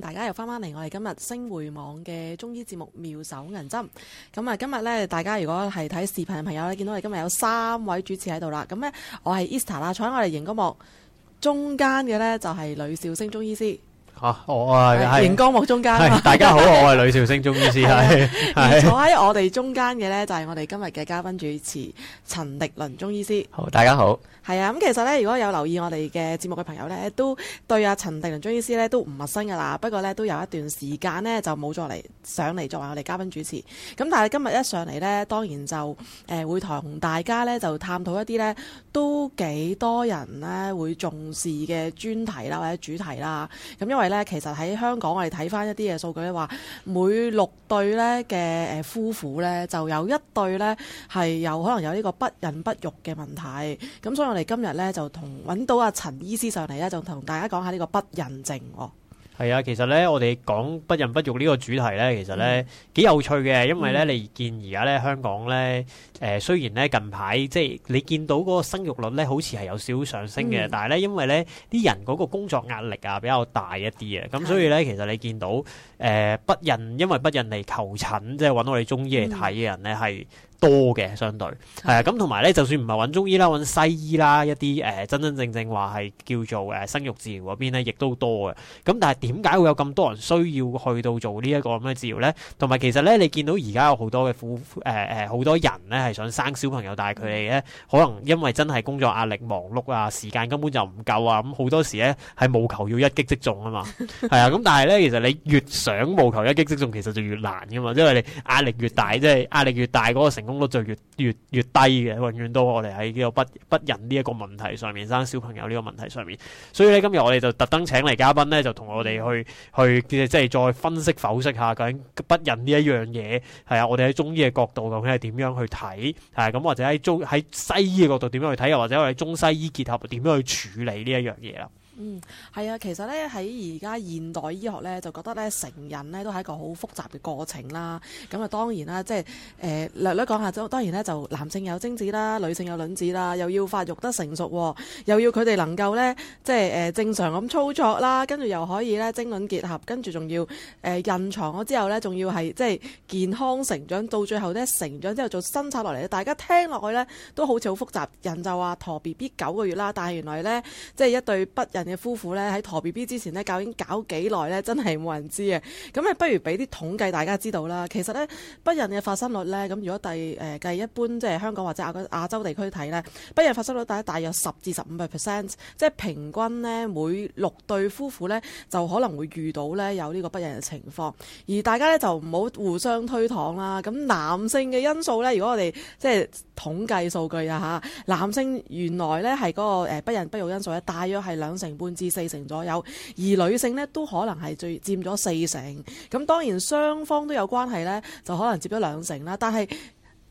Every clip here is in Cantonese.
大家又翻翻嚟，我哋今日星匯網嘅中醫節目《妙手銀針》。咁啊，今日咧，大家如果係睇視頻嘅朋友咧，見到我哋今日有三位主持喺度啦。咁咧，我係 Easter 啦，坐喺我哋熒光幕中間嘅咧，就係呂少星中醫師。啊！我啊係熒光幕中間，大家好， 是我係呂兆星中,、就是、中醫師，係坐喺我哋中間嘅呢，就係我哋今日嘅嘉賓主持陳迪倫中醫師。好，大家好。係啊，咁、嗯、其實呢，如果有留意我哋嘅節目嘅朋友呢，都對阿陳迪倫中醫師呢都唔陌生噶啦。不過呢，都有一段時間呢，就冇再嚟上嚟作為我哋嘉賓主持。咁但係今日一上嚟呢，當然就誒、呃、會同大家呢就探討一啲呢都幾多人呢會重視嘅專題啦或者主題啦。咁因為咧，其實喺香港，我哋睇返一啲嘅數據咧，話每六對咧嘅誒夫婦咧，就有一對咧係有可能有呢個不孕不育嘅問題。咁所以我哋今日咧就同揾到阿陳醫師上嚟咧，就同大家講下呢個不孕症。係啊，其實咧，我哋講不孕不育呢個主題咧，其實咧幾有趣嘅，因為咧，你見而家咧香港咧，誒、呃、雖然咧近排即係你見到嗰個生育率咧，好似係有少少上升嘅，嗯、但係咧，因為咧啲人嗰個工作壓力啊比較大一啲啊，咁所以咧，其實你見到誒、呃、不孕，因為不孕嚟求診，即係搵我哋中醫嚟睇嘅人咧係，嗯多嘅，相對係啊，咁同埋咧，就算唔係揾中醫啦，揾西醫啦，一啲誒、呃、真真正正話係叫做誒、呃、生育治療嗰邊咧，亦都多嘅。咁、嗯、但係點解會有咁多人需要去到做呢一個咁嘅治療咧？同埋其實咧，你見到而家有好多嘅婦誒誒，好、呃、多人咧係想生小朋友，但係佢哋咧可能因為真係工作壓力忙碌啊，時間根本就唔夠啊，咁、嗯、好多時咧係務求要一擊即中啊嘛。係 啊，咁、嗯、但係咧，其實你越想務求一擊即中，其實就越難嘅嘛，因為你壓力越大，即、就、係、是、壓力越大嗰、就是、個成，效率就越越越低嘅，永遠都我哋喺呢個不不孕呢一個問題上面，生小朋友呢個問題上面，所以咧今日我哋就特登請嚟嘉賓咧，就同我哋去去即係再分析剖析下究竟不孕呢一樣嘢。係啊，我哋喺中醫嘅角度究竟係點樣去睇？係咁、啊、或者喺中喺西醫嘅角度點樣去睇，又或者我哋中西醫結合點樣去處理呢一樣嘢啦。嗯，係啊，其實咧喺而家現代醫學咧，就覺得咧成人咧都係一個好複雜嘅過程啦。咁啊當然啦，即係誒略略講下，就當然咧就男性有精子啦，女性有卵子啦，又要發育得成熟，哦，又要佢哋能夠咧即係誒、呃、正常咁操作啦，跟住又可以咧精卵結合，跟住仲要誒印、呃、床咗之後咧，仲要係即係健康成長到最後咧成長之後做生產落嚟。大家聽落去咧都好似好複雜，人就話駝 B B 九個月啦，但係原來咧即係一對不孕人嘅夫婦呢，喺陀 B B 之前呢，究竟搞幾耐呢？真係冇人知啊。咁啊，不如俾啲統計大家知道啦。其實呢，不孕嘅發生率呢，咁如果第誒、呃、計一般即係香港或者亞亞洲地區睇呢，不孕發生率大約十至十五 percent，即係平均呢每六對夫婦呢，就可能會遇到呢有呢個不孕嘅情況。而大家呢，就唔好互相推搪啦。咁男性嘅因素呢，如果我哋即係統計數據啊吓，男性原來呢係嗰個不孕不育因素呢，大約係兩成。半至四成左右，而女性呢都可能係最佔咗四成。咁當然雙方都有關係呢，就可能佔咗兩成啦。但係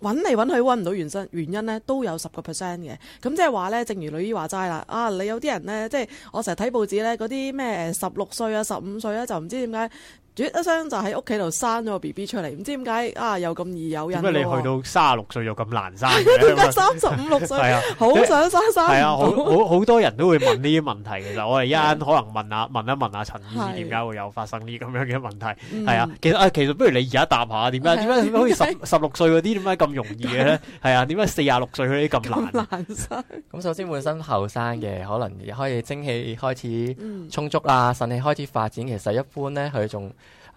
揾嚟揾去揾唔到原因，原因呢都有十個 percent 嘅。咁即係話呢，正如女醫話齋啦，啊你有啲人呢，即係我成日睇報紙呢嗰啲咩十六歲啊、十五歲咧、啊，就唔知點解。絕一聲就喺屋企度生咗個 B B 出嚟，唔知點解啊，又咁易有人。因為你去到三十六歲又咁難生。係點解三十五六歲？係啊，好想生。生。係啊，好好多人都會問呢啲問題。其實我哋一陣可能問下，問一問阿陳醫生點解會有發生呢咁樣嘅問題？係啊，其實其實不如你而家答下點解？點解好似十十六歲嗰啲點解咁容易嘅咧？係啊，點解四十六歲嗰啲咁難難生？咁首先本身後生嘅，可能可以精氣開始充足啊，腎氣開始發展，其實一般咧佢仲。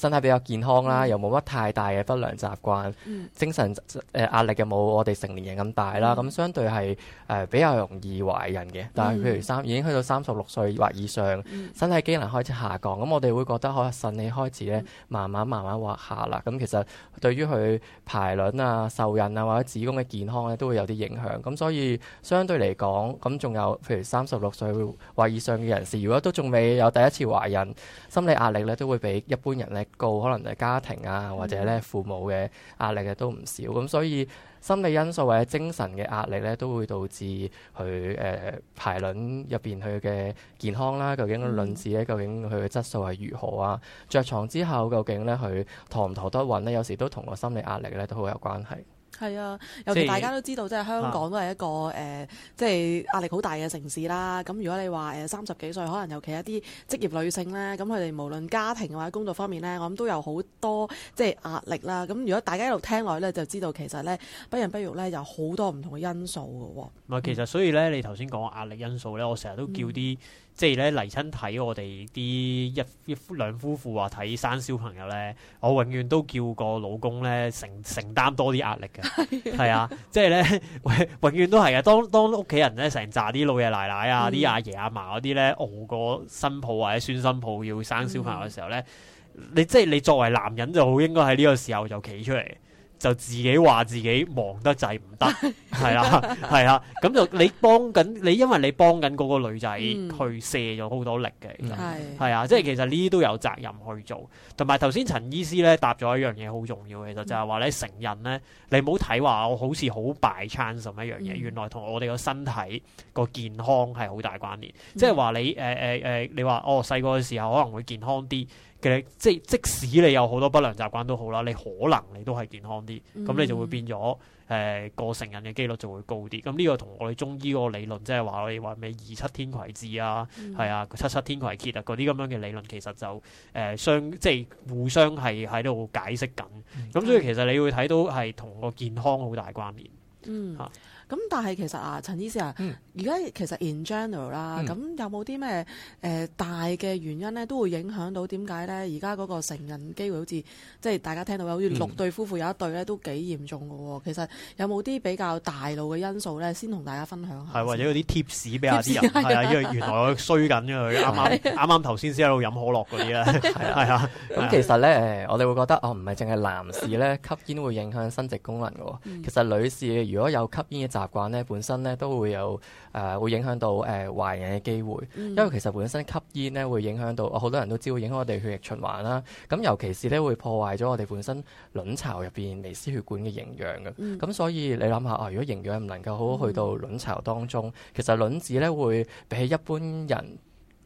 身體比較健康啦，嗯、又冇乜太大嘅不良習慣，嗯、精神誒、呃、壓力又冇我哋成年人咁大啦，咁、嗯、相對係誒、呃、比較容易懷孕嘅。但係譬如三已經去到三十六歲或以上，嗯、身體機能開始下降，咁我哋會覺得可能腎氣開始咧、嗯、慢慢慢慢滑下啦。咁其實對於佢排卵啊、受孕啊或者子宮嘅健康咧都會有啲影響。咁所以相對嚟講，咁仲有譬如三十六歲或以上嘅人士，如果都仲未有第一次懷孕，心理壓力咧都會比一般人咧。告可能係家庭啊，或者咧父母嘅壓力嘅都唔少，咁所以心理因素或者精神嘅壓力咧，都會導致佢誒、呃、排卵入邊佢嘅健康啦、啊。究竟個卵子咧，究竟佢嘅質素係如何啊？着床之後究竟咧佢陀唔陀得穩咧？有時都同個心理壓力咧都好有關係。係啊，尤其大家都知道，即係香港都係一個誒、啊呃，即係壓力好大嘅城市啦。咁如果你話誒三十幾歲，可能尤其一啲職業女性咧，咁佢哋無論家庭或者工作方面咧，我諗都有好多即係壓力啦。咁如果大家一路聽落咧，就知道其實咧不孕不育咧有好多唔同嘅因素㗎喎。唔係，其實所以咧，你頭先講壓力因素咧，我成日都叫啲。嗯即係咧，嚟親睇我哋啲一一夫兩夫婦話，啊、睇生小朋友咧，我永遠都叫個老公咧承承擔多啲壓力嘅，係 啊，即係咧永永遠都係啊。當當屋企人咧成扎啲老爺奶奶啊、啲、啊、阿爺阿嫲嗰啲咧熬過新抱或者孫新抱要生小朋友嘅時候咧， 你即係你作為男人就好應該喺呢個時候就企出嚟。就自己話自己忙得滯唔得，係啦、 啊，係啦、啊，咁就你幫緊你，因為你幫緊嗰個女仔去卸咗好多力嘅，其實係啊，即係其實呢啲都有責任去做。同埋頭先陳醫師咧答咗一樣嘢好重要，嘅，其實就係話咧成人咧，你唔好睇話我好似好擺餐咁一樣嘢，嗯、原來同我哋個身體個健康係好大關聯。即係話你誒誒誒，你話哦細個嘅時候可能會健康啲。即係即使你有好多不良習慣都好啦，你可能你都係健康啲，咁、嗯、你就會變咗誒，個、呃、成孕嘅幾率就會高啲。咁呢個同我哋中醫個理論即係話，就是、我哋話咩二七天癸至啊，係、嗯、啊七七天癸竭啊，嗰啲咁樣嘅理論，其實就誒、呃、相即係互相係喺度解釋緊。咁、嗯、所以其實你會睇到係同個健康好大關聯。嗯。啊咁但係其實啊，陳醫師啊，而家其實 in general 啦，咁有冇啲咩誒大嘅原因咧，都會影響到點解咧？而家嗰個成孕機會好似即係大家聽到有好似六對夫婦有一對咧都幾嚴重嘅喎。其實有冇啲比較大路嘅因素咧？先同大家分享，係或者嗰啲貼士俾下啲人，係啊，因為原來我衰緊佢啱啱啱啱頭先先喺度飲可樂嗰啲咧，係啊。咁其實咧，誒我哋會覺得哦，唔係淨係男士咧吸煙會影響生殖功能嘅喎。其實女士如果有吸煙嘅習慣，咧本身咧都會有誒、呃，會影響到誒懷孕嘅機會，嗯、因為其實本身吸煙咧會影響到，好多人都知會影響我哋血液循環啦。咁尤其是咧會破壞咗我哋本身卵巢入邊微絲血管嘅營養嘅。咁、嗯、所以你諗下，啊如果營養唔能夠好好去到卵巢當中，嗯、其實卵子咧會比起一般人。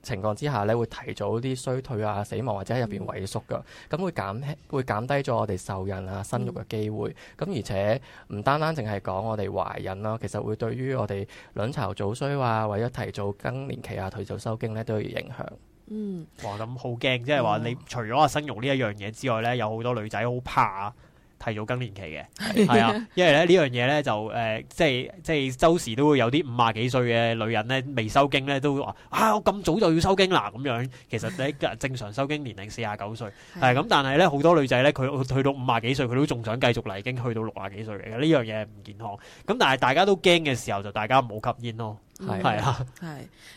情況之下咧，會提早啲衰退啊、死亡或者喺入邊萎縮噶，咁、嗯、會減輕、會減低咗我哋受孕啊、生育嘅機會。咁、嗯、而且唔單單淨係講我哋懷孕啦，其實會對於我哋卵巢早衰啊，或者提早更年期啊、退早收經咧都有影響。嗯。哇！咁好驚，即係話，你除咗啊生育呢一樣嘢之外咧，有好多女仔好怕，提早更年期嘅，係 啊，因為咧呢樣嘢咧就誒、呃，即係即係周時都會有啲五啊幾歲嘅女人咧未收經咧都話啊，我咁早就要收經啦咁樣，其實你正常收經年齡四 啊九歲係咁，但係咧好多女仔咧佢去到五啊幾歲佢都仲想繼續嚟經，去到六啊幾歲嚟，嘅呢樣嘢唔健康，咁但係大家都驚嘅時候就大家唔好吸煙咯。係啊，係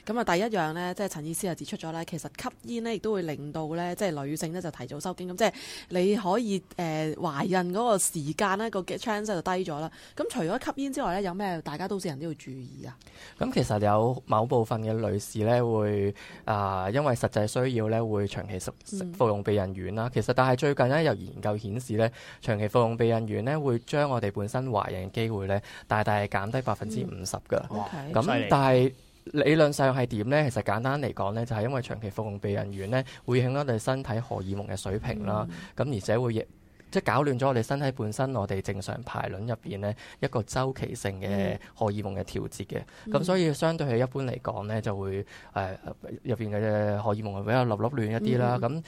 咁啊，第一樣呢，即係陳醫師又指出咗咧，其實吸煙呢亦都會令到呢，即係女性呢就提早收經，咁即係你可以誒、呃、懷孕嗰個時間咧，個 chance 就低咗啦。咁除咗吸煙之外呢，有咩大家都市人都要注意啊？咁、嗯、其實有某部分嘅女士呢，會、呃、啊因為實際需要呢，會長期服用避孕丸啦。其實、嗯、但係最近呢，有研究顯示呢，長期服用避孕丸呢，會將我哋本身懷孕嘅機會呢大，大大減低百分之五十㗎。咁樣但係理論上係點呢？其實簡單嚟講呢，就係因為長期服用避孕丸呢，會影響我哋身體荷爾蒙嘅水平啦。咁、嗯、而且會即係搞亂咗我哋身體本身我哋正常排卵入邊呢一個周期性嘅荷爾蒙嘅調節嘅。咁、嗯、所以相對係一般嚟講呢，就會誒入邊嘅荷爾蒙係比較粒粒亂一啲啦。咁、嗯。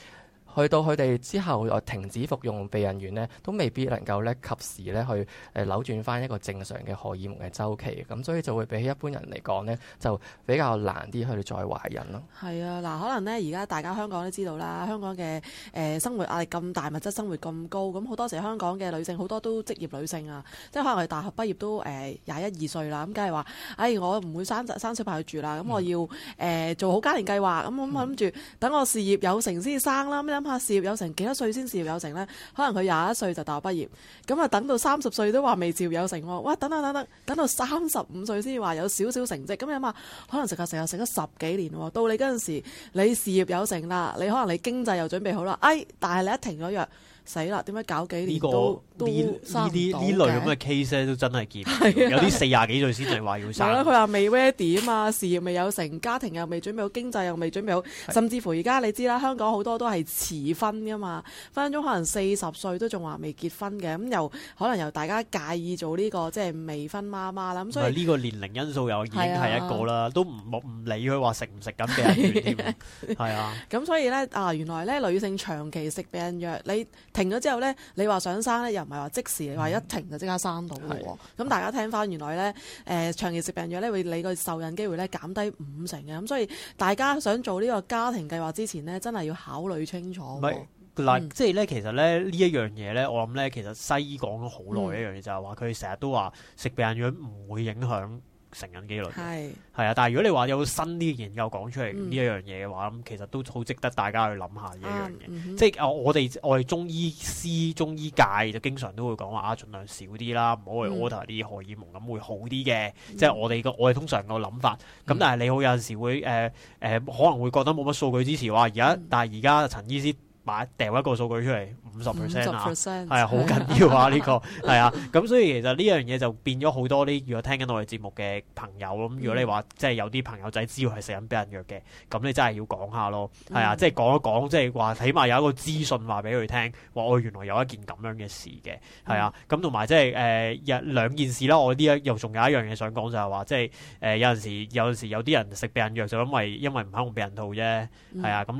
去到佢哋之後，停止服用避孕丸呢，都未必能夠咧，及時咧去誒扭轉翻一個正常嘅荷爾蒙嘅週期，咁所以就會比起一般人嚟講呢，就比較難啲去再懷孕咯。係啊，嗱、啊，可能呢，而家大家香港都知道啦，香港嘅誒、呃、生活壓力咁大，物質生活咁高，咁好多時香港嘅女性好多都職業女性啊，即係可能大學畢業都誒廿一二歲啦，咁梗係話，哎，我唔會生生小朋友住啦，咁我要誒、呃、做好家庭計劃，咁我諗住等我事業有成先生啦。諗下、嗯、事業有成幾多歲先事業有成呢？可能佢廿一歲就大學畢業，咁啊等到三十歲都話未事業有成喎，哇！等等等等，等到三十五歲先話有少，少少成績，咁你諗下，可能食下食下食咗十幾年喎，到你嗰陣時你事業有成啦，你可能你經濟又準備好啦，哎，但係你一停咗藥。死啦！點解搞幾年都都生唔到？呢類咁嘅 case 咧，都真係見有啲四廿幾歲先至話要生。佢話未 ready 啊嘛，事業未有成，家庭又未準備好，經濟又未準備好，甚至乎而家你知啦，香港好多都係遲婚噶嘛，分分鐘可能四十歲都仲話未結婚嘅。咁又可能又大家介意做呢個即係未婚媽媽啦。咁所以呢個年齡因素又已經係一個啦，都唔唔理佢話食唔食緊病人藥，係啊。咁所以咧啊，原來咧女性長期食病人藥，你。停咗之後咧，你話想生咧，又唔係話即時話、嗯、一停就即刻生到咁的大家聽翻，原來咧，誒、啊呃、長期食避孕藥咧，會你個受孕機會咧減低五成嘅。咁所以大家想做呢個家庭計劃之前咧，真係要考慮清楚。唔係嗱，即係咧，其實咧呢一樣嘢咧，我諗咧其實西醫講咗好耐一樣嘢，就是，就係話佢成日都話食避孕藥唔會影響。成人機率？係係啊，但係如果你話有新啲研究講出嚟呢一樣嘢嘅話，咁其實都好值得大家去諗下呢一樣嘢。啊、嗯嗯即係我哋我哋中醫師、中醫界就經常都會講話啊，盡量少啲啦，唔好去 order 啲、嗯、荷爾蒙咁會好啲嘅。即係我哋個、嗯、我哋通常個諗法。咁但係你好有陣時會誒誒、呃呃，可能會覺得冇乜數據支持話而家，嗯、但係而家陳醫師。買掉一個數據出嚟五十 percent 啊，係啊，好緊 要啊呢、呢個係啊，咁所以其實呢樣嘢就變咗好多呢。如果聽緊我哋節目嘅朋友咁，嗯、如果你話即係有啲朋友仔知道係食緊避孕藥嘅，咁你真係要講下咯，係啊，嗯、即係講一講，即係話起碼有一個資訊話俾佢聽，話我原來有一件咁樣嘅事嘅，係啊，咁同埋即係誒有、就係呃、兩件事啦。我呢又仲有一樣嘢想講就係、係、話，即係誒有陣時，時有陣時有啲人食避孕藥就因為因為唔肯用避孕套啫，係啊，咁、嗯、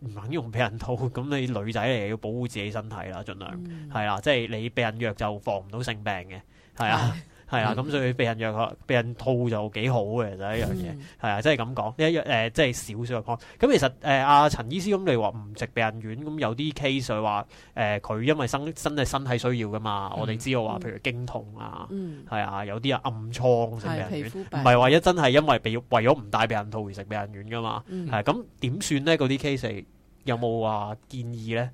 你唔肯用避孕套咁你女仔嚟要保護自己身體啦，盡量係啦，即係你避孕藥就防唔到性病嘅，係啊係啊，咁所以避孕藥避孕套就幾好嘅，就一樣嘢，係啊，即係咁講呢一，誒，即係少少嘅 point。咁其實誒阿陳醫師，咁你話唔食避孕丸，咁有啲 case 話誒佢因為生真係身體需要噶嘛，我哋知道話譬如經痛啊，係啊，有啲人暗瘡食避孕丸，唔係話一真係因為被為咗唔帶避孕套而食避孕丸噶嘛，係咁點算咧？嗰啲 case？有冇話、啊、建議呢？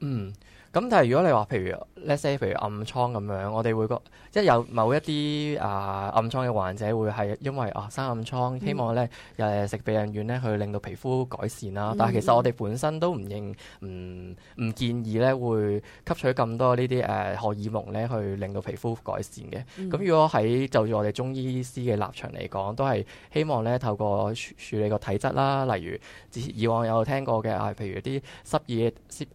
嗯。咁但係如果你話譬如 let's 呢些譬如暗瘡咁樣，我哋會覺即係有某一啲啊暗瘡嘅患者會係因為啊生暗瘡，嗯、希望咧誒食避孕丸咧去令到皮膚改善啦。但係其實我哋本身都唔認唔唔、嗯、建議咧會吸取咁多呢啲誒荷爾蒙咧去令到皮膚改善嘅。咁、嗯嗯、如果喺就住我哋中醫師嘅立場嚟講都係希望咧透過處處理個體質啦，例如自以往有聽過嘅啊，譬如啲濕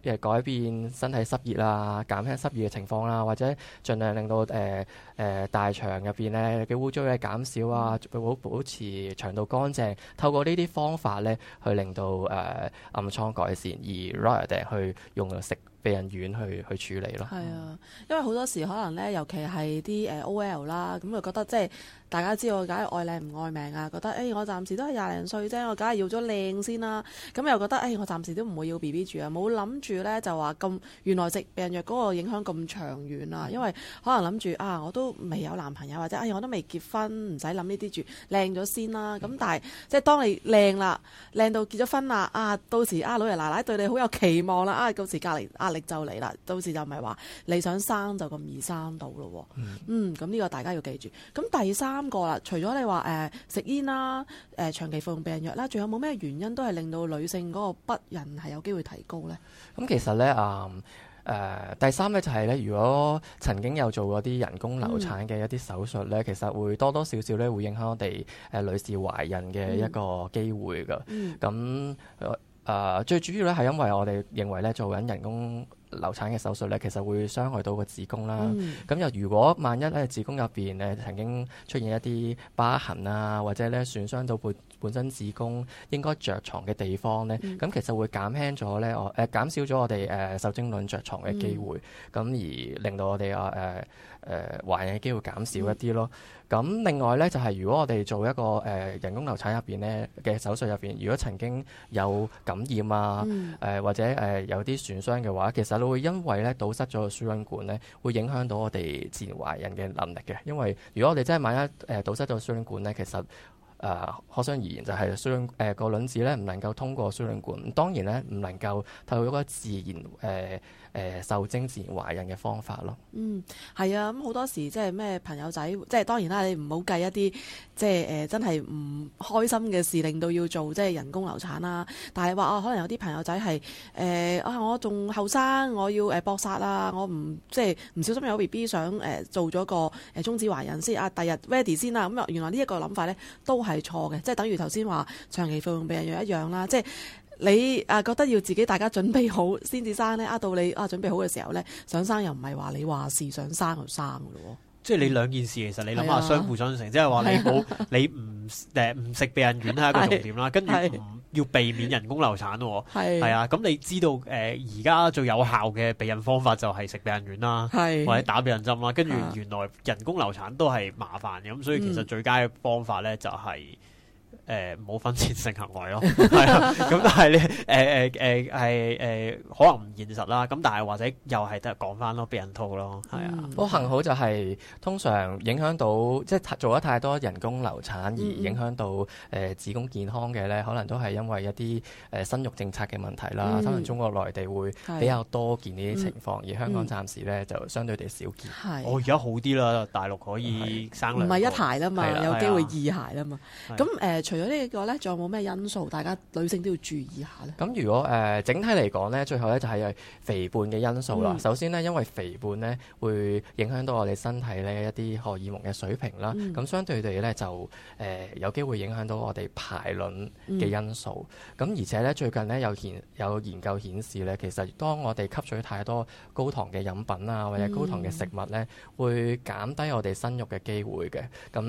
熱誒改變、啊、身體。身體濕熱啊，減輕濕熱嘅情況啦，或者盡量令到誒誒、呃呃、大腸入邊咧嘅污糟嘅減少啊，保保持腸道乾淨。透過呢啲方法咧，去令到誒、呃、暗瘡改善，而羅伊去用食避孕丸去去處理咯。係啊，因為好多時可能咧，尤其係啲誒 OL 啦，咁佢覺得即係。就是大家知道我梗係愛靚唔愛命啊！覺得誒、哎，我暫時都係廿零歲啫，我梗係要咗靚先啦。咁又覺得誒、哎，我暫時都唔會要 BB 住啊，冇諗住咧就話咁原來食避孕藥嗰個影響咁長遠啊！因為可能諗住啊，我都未有男朋友或者誒、哎，我都未結婚，唔使諗呢啲住靚咗先啦。咁但係即係當你靚啦，靚到結咗婚啦，啊到時啊老爺奶奶對你好有期望啦，啊到時隔離壓力就嚟啦，到時就唔係話你想生就咁易生到咯。嗯，咁、這、呢個大家要記住。咁第三。過啦，除咗你話誒食煙啦，誒、呃呃、長期服用避孕藥啦，仲有冇咩原因都係令到女性嗰個不孕係有機會提高咧？咁、嗯、其實咧，誒、呃、第三咧就係、是、咧，如果曾經有做過啲人工流產嘅一啲手術咧，嗯、其實會多多少少咧會影響我哋誒女士懷孕嘅一個機會噶。咁誒、嗯嗯呃、最主要咧係因為我哋認為咧做緊人工流產嘅手術咧，其實會傷害到個子宮啦。咁又、嗯、如果萬一咧，子宮入邊咧曾經出現一啲疤痕啊，或者咧損傷到會，本身子宮應該着床嘅地方咧，咁、嗯、其實會減輕咗咧，我、呃、誒減少咗我哋誒、呃、受精卵着床嘅機會，咁、嗯、而令到我哋啊誒誒懷孕嘅機會減少一啲咯。咁、嗯、另外咧，就係、是、如果我哋做一個誒、呃、人工流產入邊咧嘅手術入邊，如果曾經有感染啊，誒、嗯呃、或者誒、呃、有啲損傷嘅話，其實會因為咧堵塞咗個輸卵管咧，會影響到我哋自然懷孕嘅能力嘅。因為如果我哋真係萬一誒堵塞咗輸卵管咧，其實誒、啊、可想而知，就係輸卵誒個卵子咧，唔能夠通過輸卵管。當然咧，唔能夠透過一個自然誒。呃誒、呃、受精自然懷孕嘅方法咯。嗯，係啊，咁好多時即係咩朋友仔，即係當然啦，你唔好計一啲即係誒、呃、真係唔開心嘅事，令到要做即係人工流產啦。但係話啊，可能有啲朋友仔係誒、呃、啊，我仲後生，我要誒搏殺啦，我唔即係唔小心有 B B，想誒、呃、做咗個誒中止懷孕先啊，第日 ready 先啦。咁啊，原來呢一個諗法咧都係錯嘅，即係等於頭先話長期服用避孕藥一樣啦，即係。即你啊覺得要自己大家準備好先至生咧，啊到你啊準備好嘅時候咧，想生又唔係話你話事想生就生嘅咯喎。即係你兩件事其實你諗下相互相成，即係話你冇、啊、你唔誒唔食避孕丸係一個重點啦，是跟住唔是要避免人工流產喎。係是啊，咁你知道誒而家最有效嘅避孕方法就係食避孕丸啦，是或者打避孕針啦，跟住原來人工流產都係麻煩嘅，咁所以其實最佳嘅方法咧就係、是。誒冇婚前性行為咯，係啊，咁但係咧，誒誒誒係誒可能唔現實啦。咁但係或者又係得講翻咯，避孕套咯，係啊。不過幸好就係通常影響到即係做咗太多人工流產而影響到誒子宮健康嘅咧，可能都係因為一啲誒生育政策嘅問題啦。可能中國內地會比較多見呢啲情況，而香港暫時咧就相對地少見。我而家好啲啦，大陸可以生兩，唔係一孩啦嘛，有機會二孩啦嘛。咁誒除咗呢、這個咧，仲有冇咩因素？大家女性都要注意下咧。咁如果誒、呃、整體嚟講咧，最後咧就係肥胖嘅因素啦。嗯、首先呢，因為肥胖咧會影響到我哋身體咧一啲荷爾蒙嘅水平啦。咁、嗯、相對地咧，就誒、呃、有機會影響到我哋排卵嘅因素。咁、嗯、而且咧，最近咧有研有研究顯示咧，其實當我哋吸取太多高糖嘅飲品啊，或者高糖嘅食物咧，嗯、會減低我哋生育嘅機會嘅。咁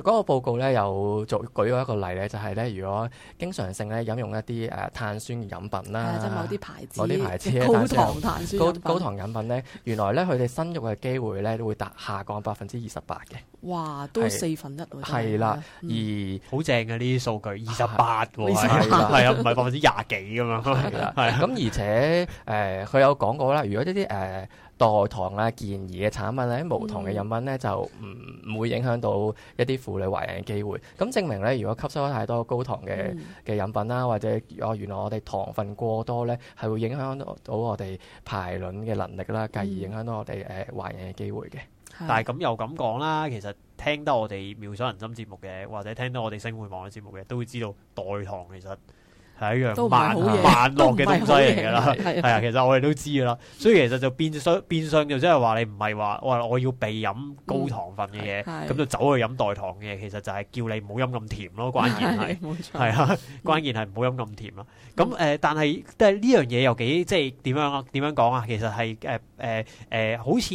嗰、那個報告咧，有做舉咗一個個例咧就係咧，如果經常性咧飲用一啲誒碳酸飲品啦，即某啲牌子某啲牌子，高糖碳酸高高糖飲品咧，原來咧佢哋生育嘅機會咧都會達下降百分之二十八嘅。哇，都四分一喎。係啦，而好正嘅呢啲數據，二十八喎，係啊，唔係百分之廿幾噉樣。係咁，而且誒，佢有講過啦，如果呢啲誒。代糖啦，健怡嘅產品咧，無糖嘅飲品咧就唔唔會影響到一啲婦女懷孕嘅機會。咁證明咧，如果吸收咗太多高糖嘅嘅飲品啦，或者哦，原來我哋糖分過多咧，係會影響到我哋排卵嘅能力啦，繼而影響到我哋誒懷孕嘅機會嘅。但係咁又咁講啦，其實聽得我哋妙手銀針節目嘅，或者聽得我哋星匯網嘅節目嘅，都會知道代糖其實。係一樣慢慢樂嘅東西嚟㗎啦，係啊，其實我哋都知㗎啦，所以其實就變相變相就即係話你唔係話喂我要避飲高糖分嘅嘢，咁就走去飲代糖嘅嘢，其實就係叫你唔好飲咁甜咯，關鍵係，係啊，關鍵係唔好飲咁甜啦。咁誒，但係即係呢樣嘢又幾即係點樣啊？點樣講啊？其實係誒誒誒，好似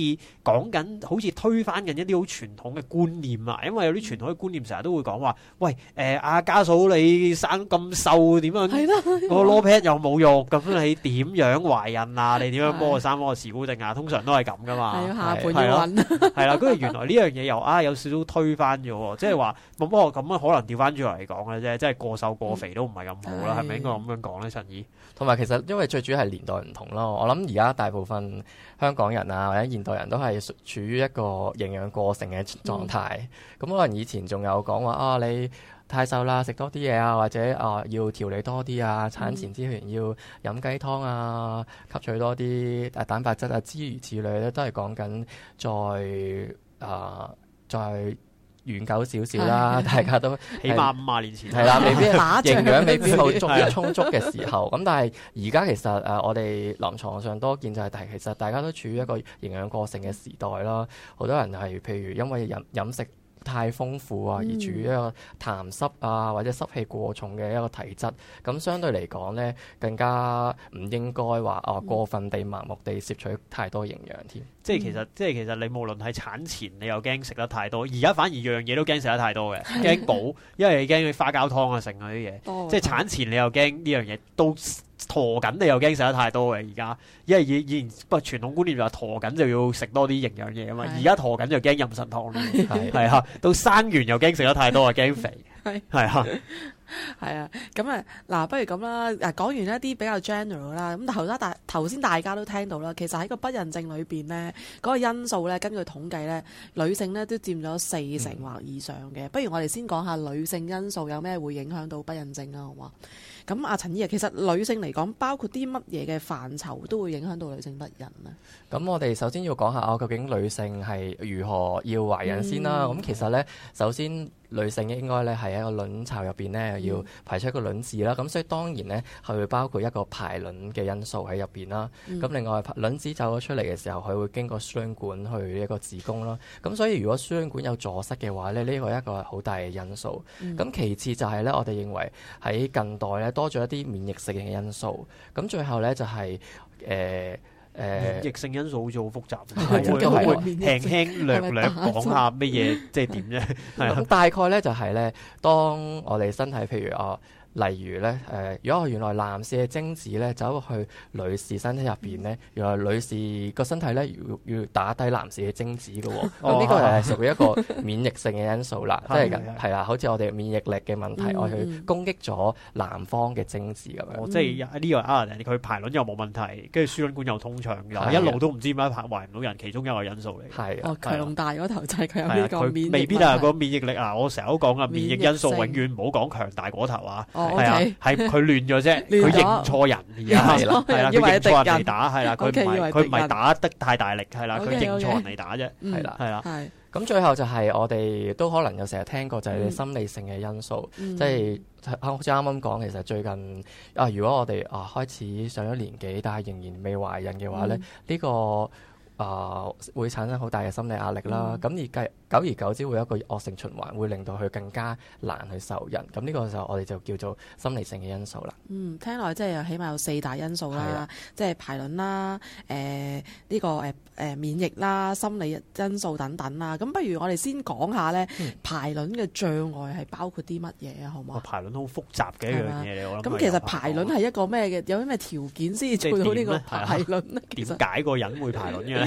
講緊好似推翻緊一啲好傳統嘅觀念啊，因為有啲傳統嘅觀念成日都會講話，喂誒阿家嫂你生咁瘦點樣？係咯，我攞對、啊、 又冇用，咁你點樣懷孕啊？你點樣摸個三摸個事故症啊？通常都係咁噶嘛，係下半要係啦對。咁原來呢樣嘢又啊 有少少推翻咗，即係話唔唔咁啊可能調翻轉嚟講嘅啫，即係過，就是、過瘦過肥都唔係咁好啦，係咪、嗯、應該咁樣講咧？陳怡，同埋其實因為最主要係年代唔同咯，我諗而家大部分香港人啊或者現代人都係處於一個營養過剩嘅狀態，咁、嗯嗯、可能以前仲有講話啊你。太瘦啦，食多啲嘢啊，或者啊、呃、要調理多啲啊，產前之前要飲雞湯啊，吸取多啲、啊、蛋白質啊，諸如此類咧，都係講緊再啊再遠久少少啦。的大家都起碼五啊年前係啦，未必營養未必好足充足嘅時候。咁的但係而家其實誒、啊，我哋臨床上多見就係，其實大家都處於一個營養過剩嘅時代啦。好多人係譬如因為飲飲食。太豐富啊，而處於一個痰濕啊，或者濕氣過重嘅一個體質，咁相對嚟講咧，更加唔應該話哦過分地盲目地攝取太多營養添。嗯、即係其實，即係其實你無論係產前，你又驚食得太多，而家反而樣嘢都驚食得太多嘅，驚補， 因為你驚啲花膠湯啊，成嗰啲嘢。即係產前你又驚呢樣嘢都。陀緊你又驚食得太多嘅而家，因為以以前不過傳統觀念就話陀緊就要食多啲營養嘢啊嘛，而家陀緊就驚飲神湯，係係吓，到生完又驚食得太多 肥啊，驚肥係係啊，咁啊嗱，不如咁啦，嗱講完一啲比較 general 啦，咁頭先大頭先大家都聽到啦，其實喺個不孕症裏邊咧，嗰、那個因素咧，根據統計咧，女性咧都佔咗四成或以上嘅，嗯、不如我哋先講下女性因素有咩會影響到不孕症啦，好嘛？咁阿陳姨啊，其實女性嚟講，包括啲乜嘢嘅範疇都會影響到女性不孕咧？咁我哋首先要講下啊，究竟女性係如何要懷孕先啦。咁、嗯啊、其實咧，首先女性應該咧係一個卵巢入邊咧要排出一個卵子啦。咁、嗯啊、所以當然咧，係會包括一個排卵嘅因素喺入邊啦。咁、嗯啊、另外卵子走咗出嚟嘅時候，佢會經過輸卵管去一個子宮啦。咁、啊、所以如果輸卵管有阻塞嘅話咧，呢個係一個好大嘅因素。咁、嗯、其次就係咧，我哋認為喺近代咧，多咗一啲免疫性嘅因素，咁最後咧就係誒誒，免疫性因素好似好複雜，輕輕略略講下乜嘢 即係點啫？係咁，大概咧就係、是、咧，當我哋身體譬如啊。例如咧，誒，如果我原來男士嘅精子咧走去女士身體入邊咧，原來女士個身體咧要要打低男士嘅精子嘅喎，咁呢個係屬於一個免疫性嘅因素啦，真係㗎，係啦，好似我哋免疫力嘅問題，我去攻擊咗男方嘅精子咁樣，即係呢個係啊，佢排卵又冇問題，跟住輸卵管又通暢，一路都唔知點解排懷唔到人，其中一個因素嚟，係啊，強大嗰頭就係佢有呢個未必啊個免疫力啊，我成日都講啊，免疫因素永遠唔好講強大嗰頭啊。係啊，係佢亂咗啫，佢認錯人而家係啦，係啦，佢認錯人打係啦，佢唔係佢唔係打得太大力係啦，佢認錯人嚟打啫，係啦，係啦。咁最後就係我哋都可能有成日聽過就係心理性嘅因素，即係好似啱啱講，其實最近啊，如果我哋啊開始上咗年紀，但係仍然未懷孕嘅話咧，呢個。啊、呃，會產生好大嘅心理壓力啦。咁、嗯、而繼久而久之會有一個惡性循環，會令到佢更加難去受孕。咁、這、呢個就我哋就叫做心理性嘅因素啦。嗯，聽落嚟即係有起碼有四大因素啦，啊、即係排卵啦，誒、呃、呢、這個誒誒免疫啦、心理因素等等啦。咁、啊、不如我哋先講下咧排卵嘅障礙係包括啲乜嘢啊？好唔好？嗎排卵好複雜嘅一樣嘢，咁其實排卵係一個咩嘅？嗯、有啲咩條件先至做到呢個排卵咧？點解個人會排卵嘅、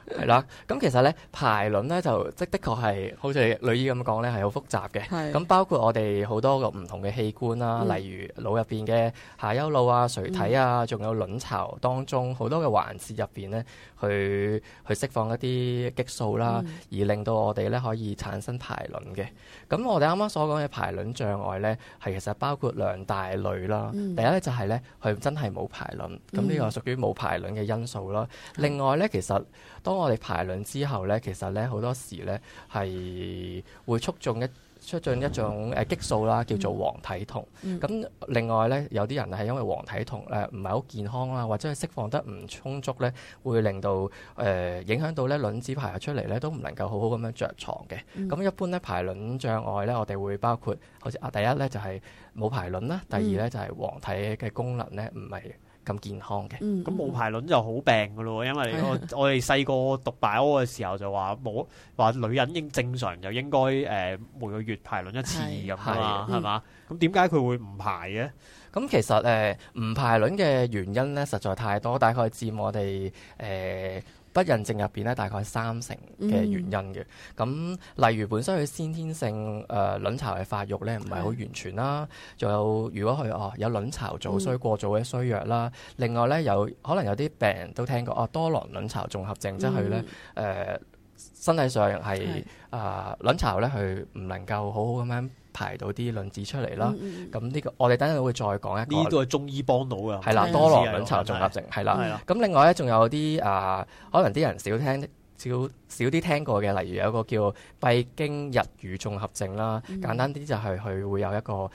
係啦，咁、 嗯、其實咧排卵咧就即的確係好似女醫咁講咧，係好複雜嘅。咁是包括我哋好多個唔同嘅器官啦，嗯、例如腦入邊嘅下丘腦啊、垂體啊，仲、嗯、有卵巢當中好多嘅環節入邊咧，去去釋放一啲激素啦，嗯、而令到我哋咧可以產生排卵嘅。咁我哋啱啱所講嘅排卵障礙咧，係其實包括兩大類啦。嗯、第一咧就係咧佢真係冇排卵，咁呢、嗯、個屬於冇排卵嘅因素啦。另外咧、嗯、其實。當我哋排卵之後咧，其實咧好多時咧係會促進一促進一種誒激素啦，嗯、叫做黃體酮。咁、嗯、另外咧，有啲人係因為黃體酮咧唔係好健康啦，或者係釋放得唔充足咧，會令到誒、呃、影響到咧卵子排出嚟咧都唔能夠好好咁樣着床嘅。咁、嗯、一般咧排卵障礙咧，我哋會包括好似啊，第一咧就係冇排卵啦，第二咧就係黃體嘅功能咧唔係咁健康嘅，咁冇、嗯嗯、排卵就好病噶咯，因為我哋細個讀大 i 嘅時候就話冇，話女人應正常就應該誒、呃、每個月排卵一次咁啊，係嘛、嗯？咁點解佢會唔排嘅？咁、嗯、其實誒唔、呃、排卵嘅原因咧實在太多，大概佔我哋誒。呃不孕症入邊咧，大概三成嘅原因嘅。咁、嗯、例如本身佢先天性誒、呃、卵巢嘅發育咧，唔係好完全啦。仲是有如果佢哦、啊、有卵巢早衰、過早嘅衰弱啦。嗯、另外咧，有可能有啲病人都聽過哦、啊，多囊卵巢綜合症，嗯、即係佢咧誒，身體上係是啊卵巢咧，佢唔能夠好好咁樣。排到啲卵子出嚟啦，咁呢、嗯、個我哋等陣會再講一個，呢都係中醫幫到嘅，係啦的多囊卵巢綜合症，係啦，咁另外咧仲有啲啊、呃，可能啲人少聽。少少啲聽過嘅，例如有一個叫閉經溢乳綜合症啦，嗯、簡單啲就係佢會有一個誒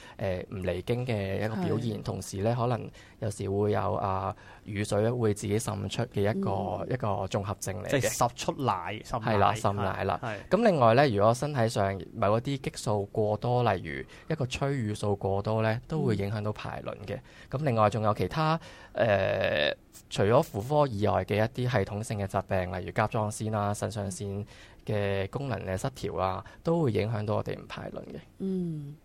唔嚟經嘅一個表現，的同時咧可能有時會有啊乳水會自己滲出嘅一個、嗯、一個綜合症嚟，即係滲出奶，滲奶，滲奶啦。咁另外咧，如果身體上某啲激素過多，例如一個催乳素過多咧，都會影響到排卵嘅。咁另外仲有其他。誒、呃，除咗婦科以外嘅一啲系統性嘅疾病，例如甲狀腺啦、啊、腎上腺嘅功能嘅失調啊，都會影響到我哋唔排卵嘅。嗯，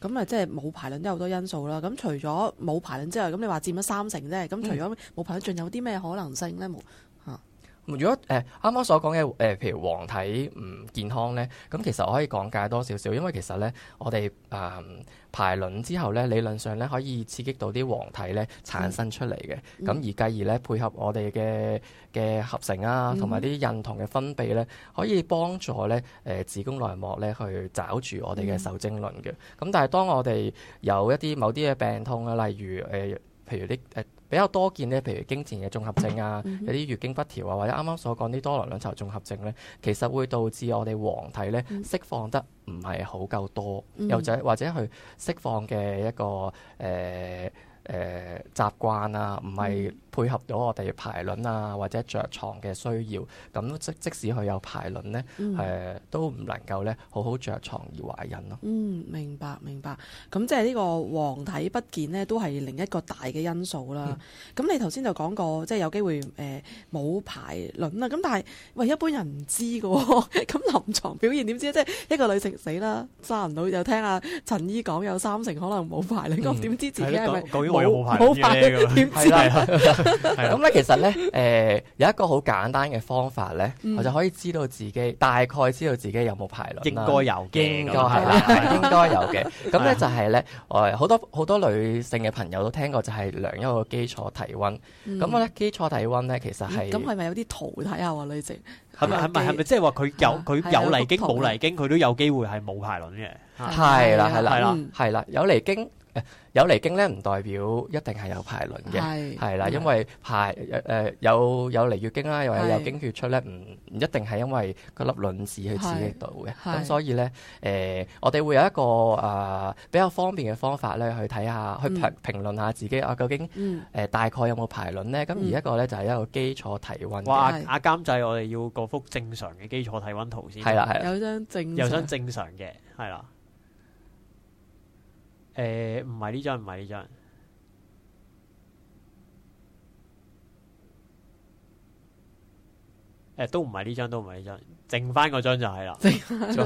咁啊，即係冇排卵都有好多因素啦。咁除咗冇排卵之外，咁你話佔咗三成啫。咁除咗冇排卵，仲有啲咩可能性咧？冇、嗯。如果誒啱啱所講嘅誒，譬如黃體唔健康咧，咁其實我可以講解多少少，因為其實咧，我哋誒、呃、排卵之後咧，理論上咧可以刺激到啲黃體咧產生出嚟嘅。咁、嗯、而繼而咧配合我哋嘅嘅合成啊，同埋啲孕酮嘅分泌咧，可以幫助咧誒、呃、子宮內膜咧去找住我哋嘅受精卵嘅。咁、嗯、但係當我哋有一啲某啲嘅病痛啊，例如誒。呃譬如啲誒、呃、比較多見咧，譬如經前嘅綜合症啊，嗯、哼有啲月經不調啊，或者啱啱所講啲多囊卵巢綜合症咧，其實會導致我哋黃體咧釋放得唔係好夠多，又、嗯、或者或者佢釋放嘅一個誒。呃誒、呃、習慣啊，唔係配合到我哋排卵啊，或者着床嘅需要，咁即即使佢有排卵咧，誒、嗯呃、都唔能夠咧好好着床而懷孕咯、啊。嗯，明白明白。咁、嗯、即係呢個黃體不健呢，都係另一個大嘅因素啦。咁、嗯嗯、你頭先就講過，即係有機會誒冇、呃、排卵啦。咁但係喂一般人唔知㗎喎、哦，咁 臨床表現點知？即係一個女性死啦，生唔到，又聽阿陳姨講有三成可能冇排卵，咁點知自己係咪、嗯？冇排卵，點知？係啦，係啦。咁咧，其實咧，誒有一個好簡單嘅方法咧，我就可以知道自己大概知道自己有冇排卵。應該有嘅，應該係啦，應該有嘅。咁咧就係咧，我好多好多女性嘅朋友都聽過，就係量一個基礎體温。咁咧，基礎體温咧，其實係咁，係咪有啲圖睇下喎？女仔係咪係咪係咪即係話佢有佢有嚟經冇嚟經，佢都有機會係冇排卵嘅。係啦係啦係啦，係啦有嚟經。有嚟經咧，唔代表一定係有排卵嘅，係啦，因為排誒有有嚟月經啦，又有經血出咧，唔唔一定係因為粒卵子去刺激到嘅，咁所以咧誒，我哋會有一個誒比較方便嘅方法咧，去睇下去評評論下自己啊，究竟誒大概有冇排卵咧？咁而一個咧就係一個基礎體温，哇！阿監製，我哋要嗰幅正常嘅基礎體温圖先，係啦，係有張正有張正常嘅，係啦。誒唔係呢張，唔係呢張。誒都唔係呢張，都唔係呢張，剩翻嗰張就係啦。剩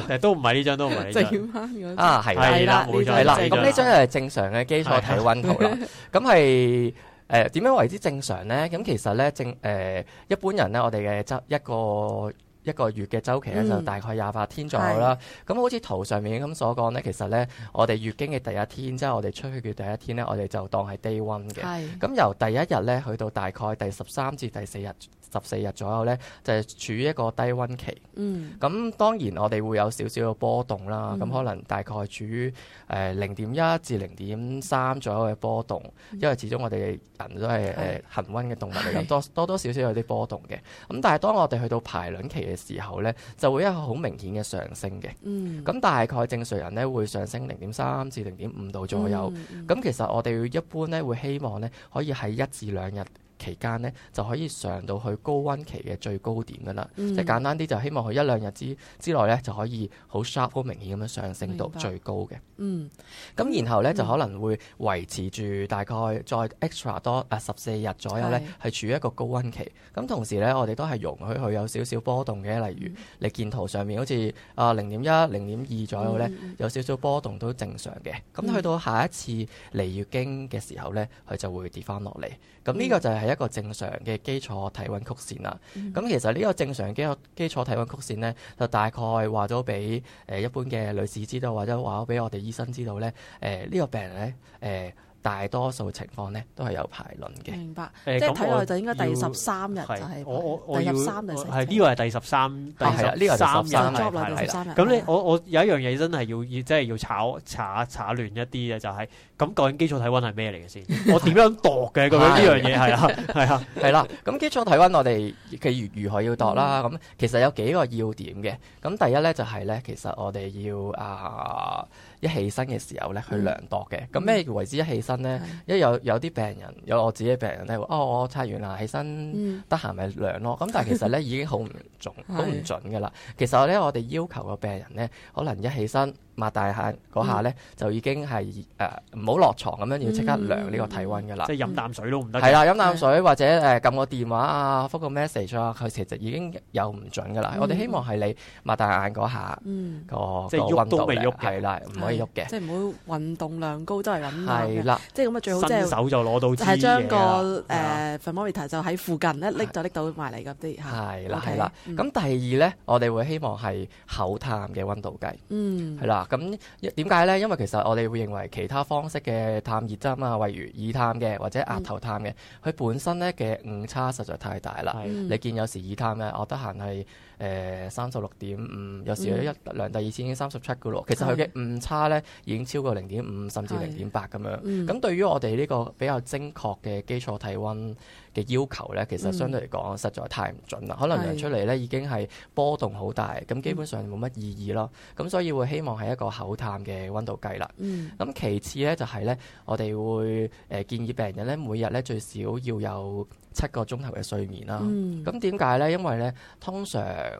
翻誒都唔係呢張，都唔係呢張。剩翻嗰啊係啦，冇錯啦。咁呢張係正常嘅基礎體溫圖啦。咁係誒點樣為之正常咧？咁其實咧正誒一般人咧，我哋嘅執一個。一個月嘅週期咧、嗯、就大概廿八天左右啦。咁、嗯、好似圖上面咁所講呢，其實呢，我哋月經嘅第一天，即、就、係、是、我哋出去嘅第一天呢，我哋就當係低温嘅。咁是由第一日呢，去到大概第十三至第四日十四日左右呢，就係、是、處於一個低温期。咁、嗯、當然我哋會有少少嘅波動啦。咁、嗯、可能大概處於誒零點一至零點三左右嘅波動，嗯、因為始終我哋人都係誒恆温嘅動物嚟嘅，嗯、多多多少少，少，少有啲波動嘅。咁但係當我哋去到排卵期時候呢就會一個好明顯嘅上升嘅，咁、嗯、大概正常人呢會上升零點三至零點五度左右，咁、嗯嗯、其實我哋一般呢會希望呢可以喺一至兩日，期間咧就可以上到去高溫期嘅最高點㗎啦，即係、嗯、簡單啲就希望佢一兩日之之內咧就可以好 sharp 好明顯咁樣上升到最高嘅。白嗯，咁然後咧就可能會維持住大概再 extra 多啊十四日左右咧係是處於一個高溫期。咁同時咧，我哋都係容許佢有少少波動嘅，例如你見圖上面好似啊零點一、零點二左右咧、嗯、有少少波動都正常嘅。咁去到下一次嚟月經嘅時候咧，佢就會跌翻落嚟。咁呢個就係、嗯。一個正常嘅基礎體溫曲線啦，咁、嗯、其實呢個正常基基礎體温曲線咧，就大概話咗俾誒一般嘅女士知道，或者話咗俾我哋醫生知道咧，誒、呃、呢、呢個病人咧，誒、呃。大多數情況咧，都係有排卵嘅。明白，即係睇落就應該第十三日就係，第十三、第十三。係呢個係第十三，係啊，呢個係十三日，咁你我我有一樣嘢真係要要真係要炒炒炒亂一啲嘅，就係咁究竟基礎體溫係咩嚟嘅先？我點樣度嘅究竟呢樣嘢係啊係啊係啦。咁基礎體溫我哋其如如何要度啦？咁其實有幾個要點嘅。咁第一咧就係咧，其實我哋要啊。一起身嘅時候咧，去量度嘅，咁咩為之一起身咧？的因為有有啲病人，有我自己嘅病人咧，哦，我測完啦，起身得閒咪量咯。咁但係其實咧已經好唔準，好唔 的準嘅啦。其實咧，我哋要求個病人咧，可能一起身。擘大眼嗰下咧，就已經係誒唔好落牀咁樣，要即刻量呢個體温嘅啦。即係飲啖水都唔得。係啦，飲啖水或者誒撳個電話啊、覆個 message 啊，佢其實已經有唔準嘅啦。我哋希望係你擘大眼嗰下個即係喐都未喐嘅，係啦，唔可以喐嘅。即係唔好運動量高都係咁樣嘅。係啦，即係咁啊，最好伸手就攞到。係將個誒 foremonitor 就喺附近一拎就拎到埋嚟咁啲嚇。係啦，係啦。咁第二咧，我哋會希望係口探嘅温度計。嗯，係啦。咁點解呢？因為其實我哋會認為其他方式嘅探熱針啊，例如耳探嘅或者額頭探嘅，佢、嗯、本身咧嘅誤差實在太大啦。嗯、你見有時耳探咧，我得閒係誒三十六點五，呃、5，有時咧一量第二次已經三十七個六。其實佢嘅誤差咧已經超過零點五，甚至零點八咁樣。咁、嗯、對於我哋呢個比較精確嘅基礎體温嘅要求咧，其實相對嚟講實在太唔準啦。可能量出嚟咧已經係波動好大，咁、嗯、基本上冇乜意義咯。咁所以會希望係一個口探嘅溫度計啦，咁、嗯、其次咧就係咧，我哋會誒建議病人咧每日咧最少要有七個鐘頭嘅睡眠啦。咁點解咧？因為咧通常誒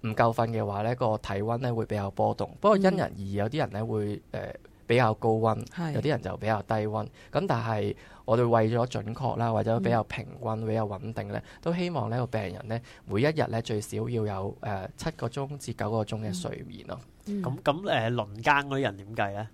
唔夠瞓嘅話咧，個體溫咧會比較波動。嗯、不過因人而異，有啲人咧會誒比較高溫，是有啲人就比較低溫。咁但係我哋為咗準確啦，或者比較平均，嗯、比較穩定咧，都希望呢個病人咧每一日咧最少要有誒七個鐘至九個鐘嘅睡眠咯。嗯咁咁誒輪更嗰啲人點計咧？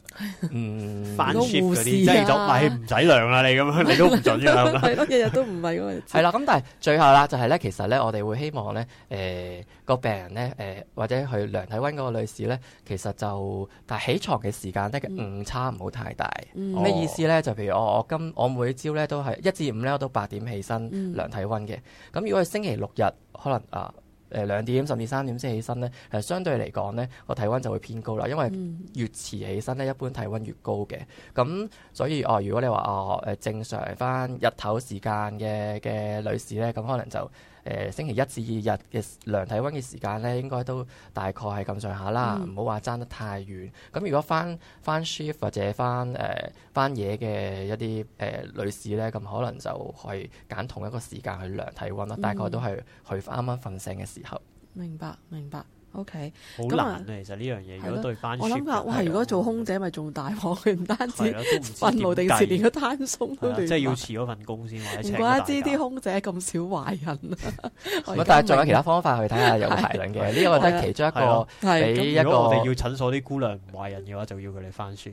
嗯，翻 shift 嗰啲即係唔使量啦，你咁，你都唔準量啦。係咯，日日都唔係嗰個。係啦，咁但係最後啦，就係咧，其實咧，我哋會希望咧，誒個病人咧，誒或者去量體温嗰個女士咧，其實就但係起床嘅時間咧誤差唔好太大。咩意思咧？就譬如我我今我每朝咧都係一至五咧，我都八點起身量體温嘅。咁如果係星期六日，可能啊。誒兩、呃、點甚至三點先起身咧，誒、呃、相對嚟講咧，個體温就會偏高啦，因為越遲起身咧，一般體温越高嘅。咁所以哦、呃，如果你話哦誒正常返日頭時間嘅嘅女士咧，咁可能就～誒、呃、星期一至二日嘅量體温嘅時間咧，應該都大概係咁上下啦，唔好話差得太遠。咁如果翻翻 shift 或者翻誒、呃、翻夜嘅一啲誒、呃、女士咧，咁可能就可以揀同一個時間去量體温啦。嗯、大概都係佢啱啱瞓醒嘅時候。明白，明白。O K，好難啊，其實呢樣嘢如果對翻我諗下，哇！如果做空姐咪仲大鑊，佢唔單止運奴，定時連個攤送都亂。即係要辭咗份工先。唔怪之啲空姐咁少懷孕。唔，但係仲有其他方法去睇下有排。嘅。呢個都係其中一個。係。如果我哋要診所啲姑娘懷孕嘅話，就要佢哋翻書。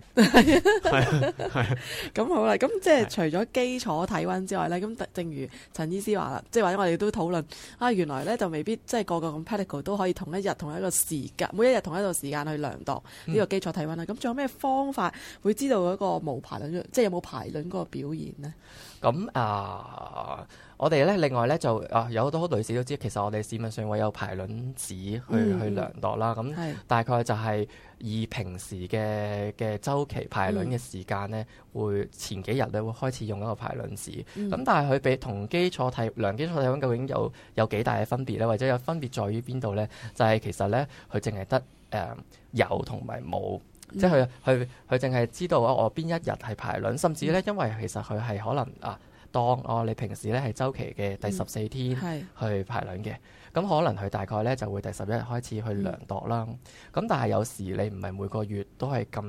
咁好啦，咁即係除咗基礎體温之外咧，咁正如陳醫師話啦，即係話，因為我哋都討論啊，原來咧就未必即係個個咁 medical 都可以同一日同一個時間，每一日同一個時間去量度呢個基礎體溫啦。咁仲、嗯、有咩方法會知道嗰個無排卵，即係有冇排卵嗰個表現呢？咁啊，我哋咧另外咧就啊，有好多女士都知，其實我哋市面上會有排卵紙去、嗯、去量度啦。咁是大概就係以平時嘅嘅週期排卵嘅時間咧，會、嗯、前幾日咧會開始用一個排卵紙。咁、嗯、但係佢比同基礎體量基礎體溫究竟有有幾大嘅分別咧？或者有分別在於邊度咧？就係、是、其實咧，佢淨係得誒有同埋冇。呃即係佢佢佢淨係知道啊，我邊一日係排卵，甚至咧，因為其實佢係可能啊，當我你平時咧係週期嘅第十四天去排卵嘅。咁、嗯、可能佢大概咧就會第十一日開始去量度啦。咁、嗯、但係有時你唔係每個月都係咁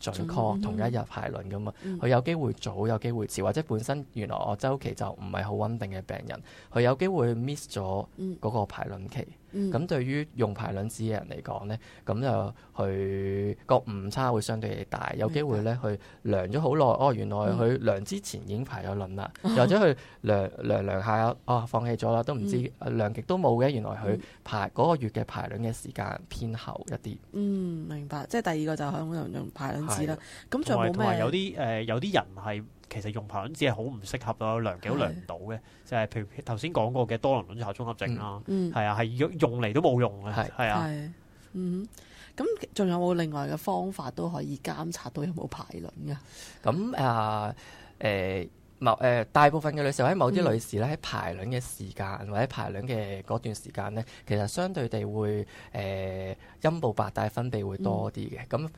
準確確同一日排卵噶嘛？佢、嗯、有機會早，有機會遲，或者本身原來我週期就唔係好穩定嘅病人，佢有機會 miss 咗嗰個排卵期。嗯嗯咁、嗯、對於用排卵紙嘅人嚟講咧，咁就佢個誤差會相對大，有機會咧去白量咗好耐哦，原來佢量之前已經排咗卵啦，嗯、或者佢量量量下啊、哦，放棄咗啦，都唔知、嗯、量極都冇嘅，原來佢排嗰個月嘅排卵嘅時間偏後一啲。嗯，明白。即係第二個就係可能用排卵紙啦。咁仲的有冇咩、呃，有啲誒，有啲人係。其實用排卵紙係好唔適合咯，量極都量唔到嘅，的就係譬如頭先講過嘅多囊卵巢綜合症啦，係啊，係用嚟都冇用嘅，係啊，嗯，咁仲有冇另外嘅方法都可以監察到有冇排卵噶？咁啊，誒。某誒、呃、大部分嘅女士或者某啲女士咧，喺排卵嘅時間或者排卵嘅嗰段時間咧，其實相對地會誒陰部白帶分泌會多啲嘅。咁誒、嗯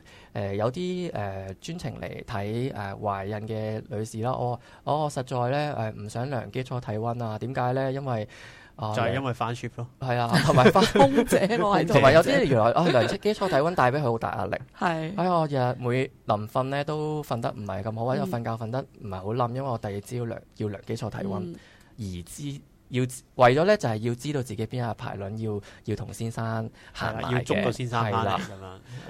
呃、有啲誒專程嚟睇誒懷孕嘅女士啦，我我，我實在咧誒唔想量基礎體温啊。點解咧？因為啊、就係因為翻 shift 咯，係啊 空姐，同埋翻工者，同埋有啲原來啊，量測基礎體温帶俾佢好大壓力。係是，喺、哎、我日每臨瞓咧都瞓得唔係咁好，或者瞓覺瞓得唔係好冧，因為我第二朝要量要量基礎體温、嗯、而知。要為咗咧，就係要知道自己邊一下排卵，要要同先生行要捉到先生。係啦，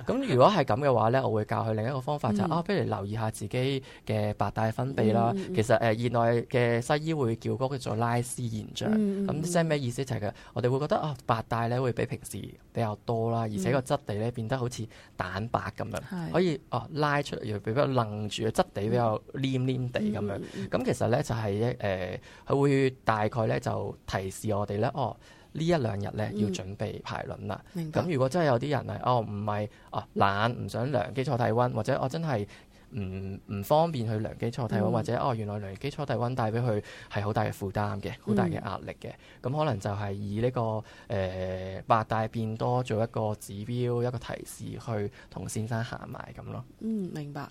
咁如果係咁嘅話咧，我會教佢另一個方法，就係啊，不如留意下自己嘅白帶分泌啦。其實誒，現代嘅西醫會叫嗰個叫做拉絲現象。咁即係咩意思？就係佢，我哋會覺得啊，白帶咧會比平時比較多啦，而且個質地咧變得好似蛋白咁樣，可以哦拉出嚟，又比較腍住嘅質地比較黏黏地咁樣。咁其實咧就係誒，佢會大概咧就。就提示我哋咧，哦，呢一兩日咧，嗯、要準備排卵啦。咁，明白。如果真係有啲人係，哦，唔係，哦，懶唔想量基礎體温，或者我真係唔唔方便去量基礎體温。嗯、或者哦原來量基礎體温帶俾佢係好大嘅負擔嘅，好大嘅壓力嘅，咁、嗯、可能就係以呢、呢個誒、呃、白帶變多做一個指標，一個提示去同先生行埋咁咯。嗯，明白。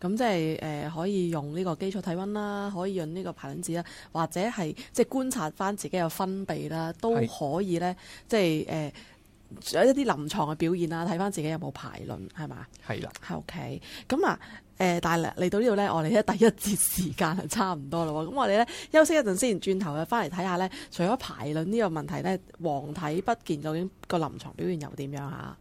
咁即係誒、呃、可以用呢個基礎體温啦，可以用呢個排卵紙啦，或者係即係觀察翻自己嘅分泌啦，都可以咧，是即係誒、呃、有一啲臨床嘅表現啦，睇翻自己有冇排卵係嘛？係啦。O K，咁啊誒，但嚟、okay. 呃、到呢度咧，我哋咧第一節時間係差唔多啦喎，咁 我哋咧休息一陣先，轉頭又翻嚟睇下咧，除咗排卵呢個問題咧，黃體不健究竟個臨床表現又點樣嚇？